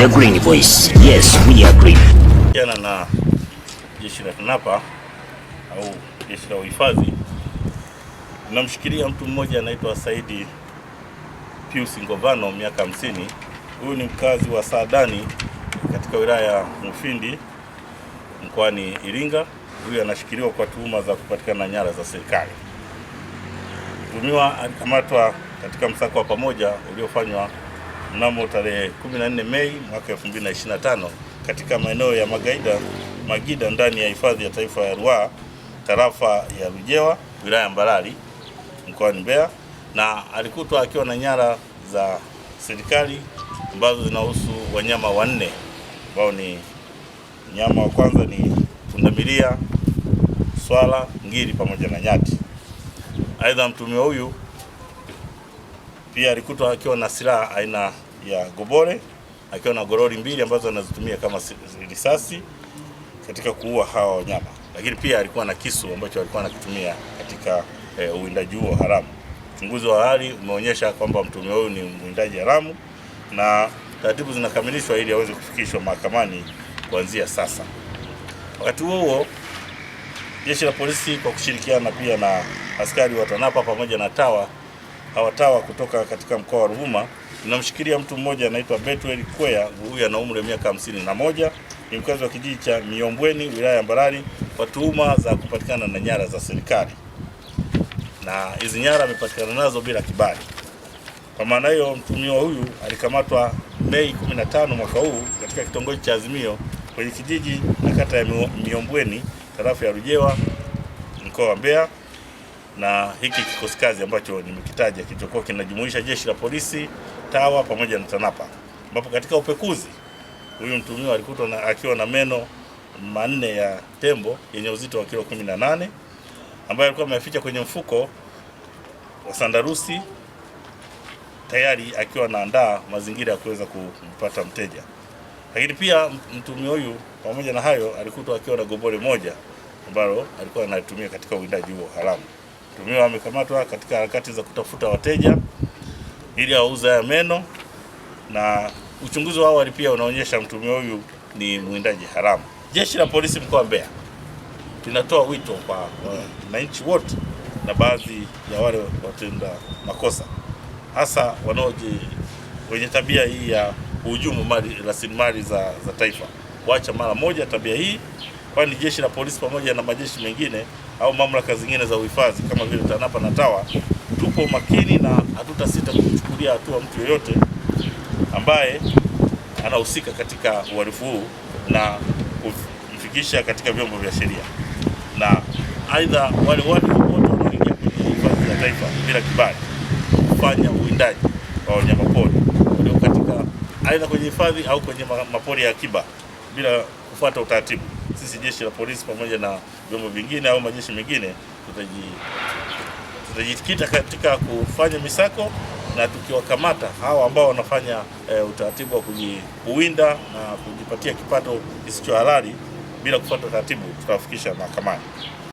The Green Voice. Yes, we agree. Jana na jeshi la TANAPA au jeshi la uhifadhi namshikilia mtu mmoja anaitwa Saidi Pius Ngovano miaka 50. Huyu ni mkazi wa Saadani katika wilaya ya Mufindi mkoani Iringa. Huyu anashikiliwa kwa tuhuma za kupatikana nyara za serikali. tumiwa alikamatwa katika msako wa pamoja uliofanywa mnamo tarehe 14 Mei mwaka 2025 katika maeneo ya Magaida, Magida ndani ya hifadhi ya taifa ya Ruaha tarafa ya Rujewa wilaya ya Mbarali mkoani Mbeya, na alikutwa akiwa na nyara za serikali ambazo zinahusu wanyama wanne ambao ni nyama wa kwanza ni pundamilia, swala, ngiri pamoja na nyati. Aidha, mtumiwa huyu pia alikutwa akiwa na silaha aina ya gobore akiwa na gorori mbili ambazo anazitumia kama risasi katika kuua hawa wanyama, lakini pia alikuwa na kisu ambacho alikuwa anakitumia katika eh, uwindaji huo haramu. Uchunguzi wa awali umeonyesha kwamba mtuhumiwa huyu ni mwindaji haramu na taratibu zinakamilishwa ili aweze kufikishwa mahakamani kuanzia sasa. Wakati huo huo, jeshi la polisi kwa kushirikiana pia na askari wa TANAPA pamoja na TAWA hawatawa kutoka katika mkoa wa Ruvuma. Tunamshikilia mtu mmoja anaitwa Betwell Kwea, huyu ana umri wa miaka hamsini na moja, ni mkazi wa kijiji cha Miombweni, wilaya ya Mbarali, kwa tuhuma za kupatikana na nyara za serikali, na hizi nyara amepatikana nazo bila kibali. Kwa maana hiyo, mtumiwa huyu alikamatwa Mei 15 mwaka huu katika kitongoji cha Azimio kwenye kijiji na kata ya Miombweni, tarafu ya Rujewa, mkoa wa Mbeya na hiki kikosi kazi ambacho nimekitaja kilichokuwa kinajumuisha jeshi la polisi, TAWA pamoja na TANAPA, ambapo katika upekuzi huyu mtuhumiwa alikutwa akiwa na meno manne ya tembo yenye uzito wa kilo 18 ambayo alikuwa ameficha kwenye mfuko wa sandarusi, tayari akiwa anaandaa mazingira ya kuweza kumpata mteja. Lakini pia mtumio huyu pamoja na hayo alikutwa akiwa na gobole moja ambalo alikuwa analitumia katika uwindaji huo haramu. Mtumiwa amekamatwa katika harakati za kutafuta wateja ili auza ya meno, na uchunguzi wa awali pia unaonyesha mtumiwa huyu ni mwindaji haramu. Jeshi la Polisi mkoa wa Mbeya linatoa wito kwa wananchi wote na baadhi ya wale watenda makosa hasa wanaoji wenye tabia hii ya hujumu mali rasilimali za, za taifa, waacha mara moja tabia hii kwani jeshi la polisi pamoja na majeshi mengine au mamlaka zingine za uhifadhi kama vile TANAPA na TAWA tupo makini na hatutasita kumchukulia hatua mtu yoyote ambaye anahusika katika uhalifu huu na kumfikisha katika vyombo vya sheria. Na aidha, wale watu wote wanaoingia kwenye hifadhi ya taifa bila kibali kufanya uwindaji wa wanyamapori walio katika aidha kwenye hifadhi au kwenye mapori ya akiba bila kufuata utaratibu sisi jeshi la polisi pamoja na vyombo vingine au majeshi mengine tutajikita katika kufanya misako na tukiwakamata hawa ambao wanafanya e, utaratibu wa kujiuwinda na kujipatia kipato kisicho halali bila kufuata taratibu, tutawafikisha mahakamani.